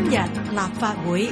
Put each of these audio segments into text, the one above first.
今日立法會，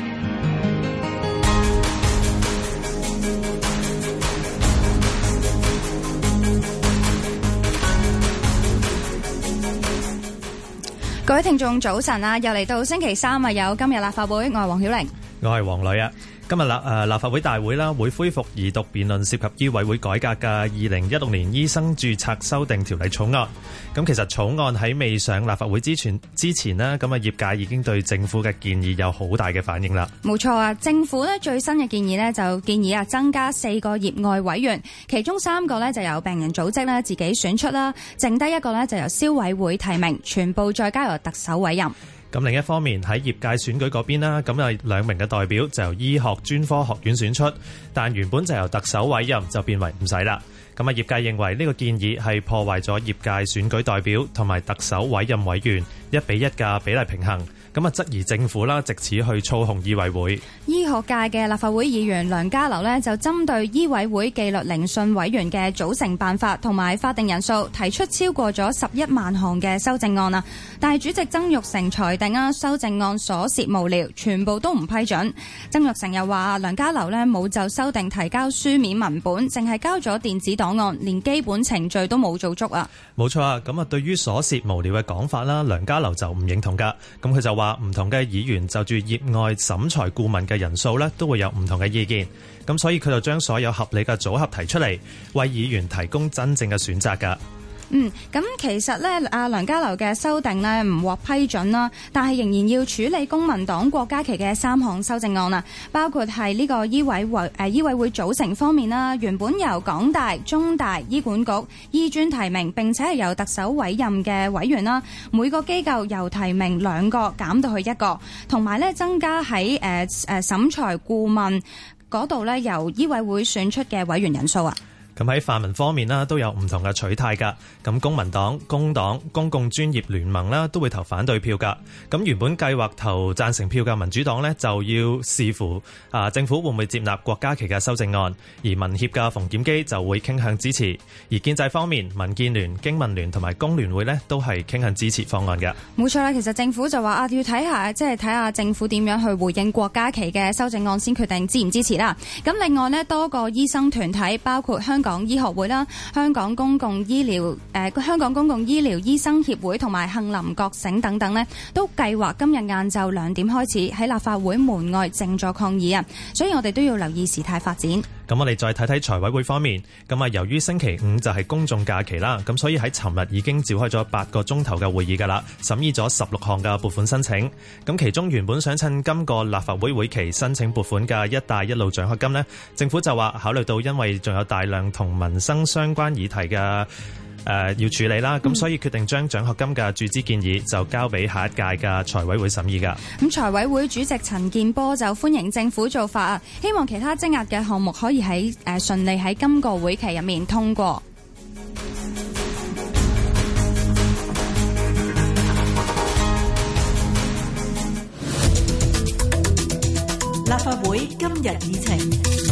各位聽眾早晨啊！又嚟到星期三啊，有今日立法會，我係黃曉玲，我係黃磊啊。今日啦，誒立法會大會啦，會恢復二讀辯論涉及醫委會改革嘅二零一六年醫生註冊修訂條例草案。咁其實草案喺未上立法會之前，之前呢咁啊業界已經對政府嘅建議有好大嘅反應啦。冇錯啊，政府呢最新嘅建議呢就建議啊增加四個業外委員，其中三個呢就由病人組織啦自己選出啦，剩低一個呢就由消委會提名，全部再交由特首委任。咁另一方面喺業界選舉嗰邊啦，咁啊兩名嘅代表就由醫學專科學院選出，但原本就由特首委任就變為唔使啦。咁啊，業界認為呢個建議係破壞咗業界選舉代表同埋特首委任委員一比一嘅比例平衡。咁啊，質疑政府啦，藉此去操控醫委會。醫學界嘅立法會議員梁家騮呢就針對醫委會紀律聆訊委員嘅組成辦法同埋法定人數，提出超過咗十一萬項嘅修正案啊！但係主席曾玉成裁定啊，修正案所涉無聊，全部都唔批准。曾玉成又話：梁家騮呢冇就修訂提交書面文本，淨係交咗電子檔案，連基本程序都冇做足啊！冇錯啊！咁啊，對於所涉無聊嘅講法啦，梁家騮就唔認同㗎。咁佢就話。唔同嘅議員就住業外審裁顧問嘅人數咧，都會有唔同嘅意見。咁所以佢就將所有合理嘅組合提出嚟，為議員提供真正嘅選擇㗎。嗯，咁其實咧，阿梁家騮嘅修訂呢，唔獲批准啦，但係仍然要處理公民黨郭家麒嘅三項修正案啦，包括係呢個醫委會誒醫委會組成方面啦，原本由港大、中大、醫管局、醫專提名並且係由特首委任嘅委員啦，每個機構由提名兩個減到去一個，同埋咧增加喺誒審裁顧問嗰度咧由醫委會選出嘅委員人數啊。咁喺泛民方面啦，都有唔同嘅取態噶。咁公民黨、工黨、公共專業聯盟啦，都會投反對票噶。咁原本計劃投贊成票嘅民主黨咧，就要視乎啊政府會唔會接納國家期嘅修正案。而民協嘅馮檢基就會傾向支持。而建制方面，民建聯經民聯同埋工聯會咧，都係傾向支持方案嘅。冇錯啦，其實政府就話啊，要睇下，即係睇下政府點樣去回應國家期嘅修正案先決定支唔支持啦。咁另外咧，多個醫生團體，包括香港。港醫學會啦，香港公共醫療誒、呃，香港公共醫療醫生協會同埋杏林覺醒等等咧，都計劃今日晏晝兩點開始喺立法會門外靜坐抗議啊，所以我哋都要留意事態發展。咁我哋再睇睇財委會方面，咁啊，由於星期五就係公眾假期啦，咁所以喺尋日已經召開咗八個鐘頭嘅會議㗎喇，審議咗十六項嘅撥款申請。咁其中原本想趁今個立法會會期申請撥款嘅一帶一路獎學金呢，政府就話考慮到因為仲有大量同民生相關議題嘅。誒要處理啦，咁所以決定將獎學金嘅注資建議就交畀下一屆嘅財委會審議㗎。咁財委會主席陳健波就歡迎政府做法啊，希望其他積壓嘅項目可以喺誒順利喺今個會期入面通過。立法會今日議程。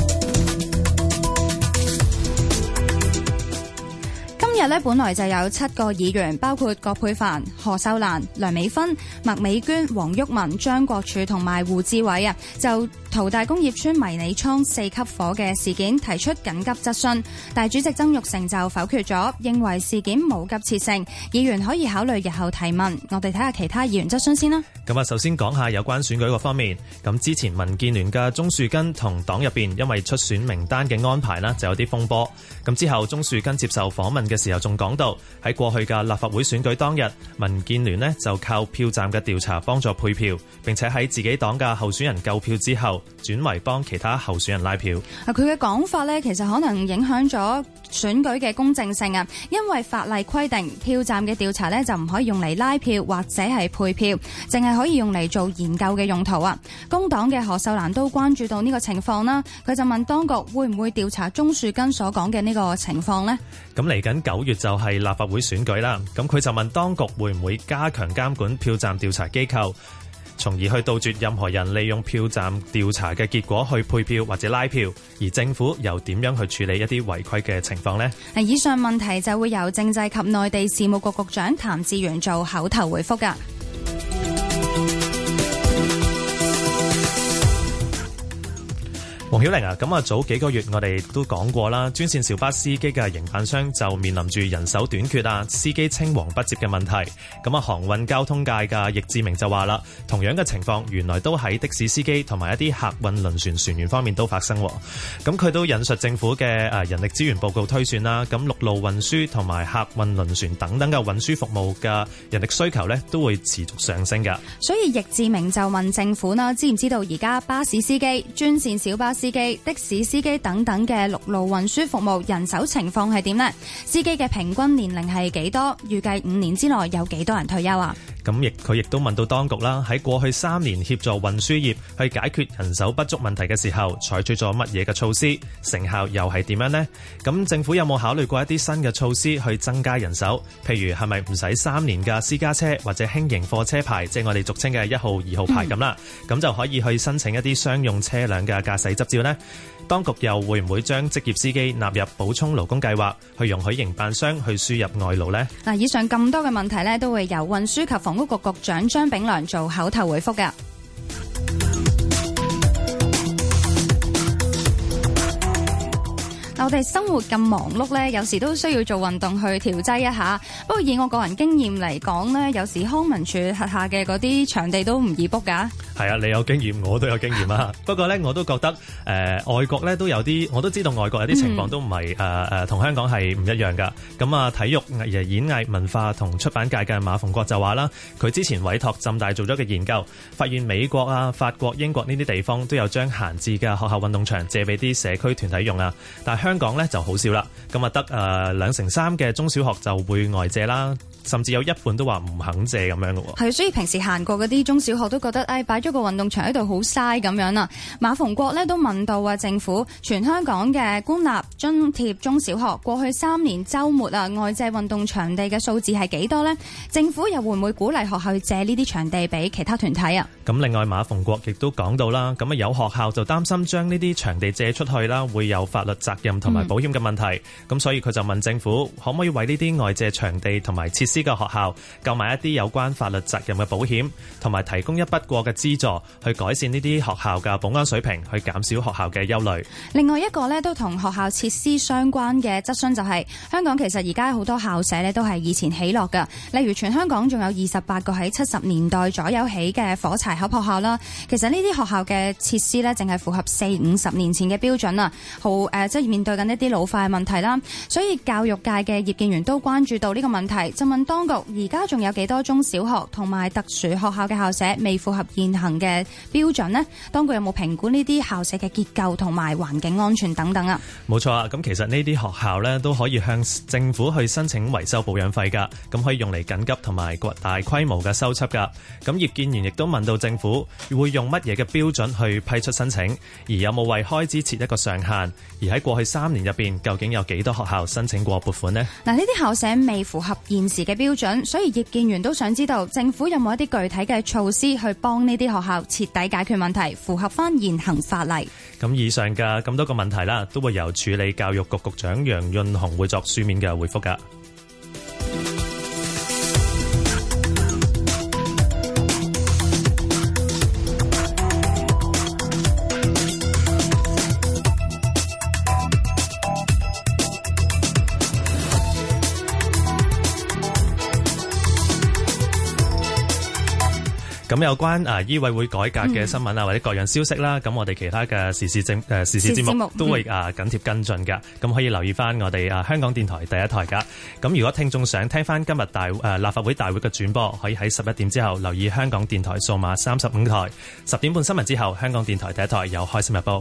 本來就有七個議員，包括葛珮帆、何秀蘭、梁美芬、麥美娟、黃毓民、張國柱同埋胡志偉啊，就淘大工業村迷你倉四級火嘅事件提出緊急質詢，大主席曾玉成就否決咗，認為事件冇急切性，議員可以考慮日後提問。我哋睇下其他議員質詢先啦。咁啊，首先講下有關選舉個方面。咁之前民建聯嘅鍾樹根同黨入邊因為出選名單嘅安排呢，就有啲風波。咁之後鍾樹根接受訪問嘅時候，又仲講到喺過去嘅立法會選舉當日，民建聯呢就靠票站嘅調查幫助配票，並且喺自己黨嘅候選人夠票之後，轉為幫其他候選人拉票。啊，佢嘅講法咧，其實可能影響咗選舉嘅公正性啊，因為法例規定票站嘅調查咧就唔可以用嚟拉票或者係配票，淨係可以用嚟做研究嘅用途啊。工黨嘅何秀蘭都關注到呢個情況啦，佢就問當局會唔會調查鍾樹根所講嘅呢個情況呢？咁嚟緊九月就係立法會選舉啦，咁佢就問當局會唔會加強監管票站調查機構？從而去杜絕任何人利用票站調查嘅結果去配票或者拉票，而政府又點樣去處理一啲違規嘅情況呢？以上問題就會由政制及內地事務局局長譚志源做口頭回覆㗎。黃曉玲啊，咁啊早幾個月我哋都講過啦，專線小巴司機嘅營辦商就面臨住人手短缺啊，司機青黃不接嘅問題。咁啊，航運交通界嘅易志明就話啦，同樣嘅情況原來都喺的士司機同埋一啲客運輪船船員方面都發生。咁佢都引述政府嘅誒人力資源報告推算啦，咁陸路運輸同埋客運輪船等等嘅運輸服務嘅人力需求咧，都會持續上升噶。所以易志明就問政府啦，知唔知道而家巴士司機、專線小巴、司機、的士司機等等嘅陸路運輸服務人手情況係點呢？司機嘅平均年齡係幾多？預計五年之內有幾多人退休啊？咁亦佢亦都問到當局啦，喺過去三年協助運輸業去解決人手不足問題嘅時候，採取咗乜嘢嘅措施？成效又係點樣呢？咁政府有冇考慮過一啲新嘅措施去增加人手？譬如係咪唔使三年嘅私家車或者輕型貨車牌，即係我哋俗稱嘅一號、二號牌咁啦？咁就可以去申請一啲商用車輛嘅駕駛執照咧。當局又會唔會將職業司機納入補充勞工計劃，去容許營辦商去輸入外勞咧？嗱，以上咁多嘅問題咧，都會由運輸及房房屋局局長張炳良做口頭回覆噶。我哋生活咁忙碌咧，有時都需要做運動去調劑一下。不過以我個人經驗嚟講咧，有時康文署轄下嘅嗰啲場地都唔易 book 㗎。係啊，你有經驗，我都有經驗啊。 不過咧，我都覺得誒、呃、外國咧都有啲，我都知道外國有啲情況都唔係誒誒同香港係唔一樣㗎。咁、嗯、啊，體育藝演藝文化同出版界嘅馬逢國就話啦，佢之前委託浸大做咗嘅研究，發現美國啊、法國、英國呢啲地方都有將閒置嘅學校運動場借俾啲社區團體用啊，但香。香港咧就好少啦，咁啊得誒兩成三嘅中小學就會外借啦。甚至有一半都話唔肯借咁樣咯。係所以平時行過嗰啲中小學都覺得，誒，擺咗個運動場喺度好嘥咁樣啊。馬逢國咧，都問到啊政府全香港嘅官立津貼中小學過去三年周末啊外借運動場地嘅數字係幾多咧？政府又會唔會鼓勵學校借呢啲場地俾其他團體啊？咁另外馬逢國亦都講到啦，咁啊有學校就擔心將呢啲場地借出去啦，會有法律責任同埋保險嘅問題，咁、嗯、所以佢就問政府可唔可以為呢啲外借場地同埋設施。資嘅學校購買一啲有關法律責任嘅保險，同埋提供一筆過嘅資助去改善呢啲學校嘅保安水平，去減少學校嘅憂慮。另外一個咧都同學校設施相關嘅質詢就係香港其實而家好多校舍咧都係以前起落噶，例如全香港仲有二十八個喺七十年代左右起嘅火柴盒學校啦。其實呢啲學校嘅設施咧淨係符合四五十年前嘅標準啊，好誒即係面對緊一啲老化嘅問題啦。所以教育界嘅葉建源都關注到呢個問題質問。當局而家仲有幾多中小學同埋特殊學校嘅校舍未符合現行嘅標準呢？當局有冇評估呢啲校舍嘅結構同埋環境安全等等啊？冇錯啊，咁其實呢啲學校呢都可以向政府去申請維修保養費噶，咁可以用嚟緊急同埋大規模嘅修葺噶。咁葉建源亦都問到政府會用乜嘢嘅標準去批出申請，而有冇為開支設一個上限？而喺過去三年入邊，究竟有幾多學校申請過撥款呢？嗱，呢啲校舍未符合現時嘅。標準，所以葉建源都想知道政府有冇一啲具體嘅措施去幫呢啲學校徹底解決問題，符合翻現行法例。咁以上嘅咁多個問題啦，都會由處理教育局局長楊潤雄會作書面嘅回覆噶。咁有關啊醫委會改革嘅新聞啊，嗯、或者各樣消息啦，咁我哋其他嘅時事政、呃、時事節目都會啊緊貼跟進㗎。咁可以留意翻我哋啊香港電台第一台噶。咁如果聽眾想聽翻今日大誒、啊、立法會大會嘅轉播，可以喺十一點之後留意香港電台數碼三十五台。十點半新聞之後，香港電台第一台有《開心日報》。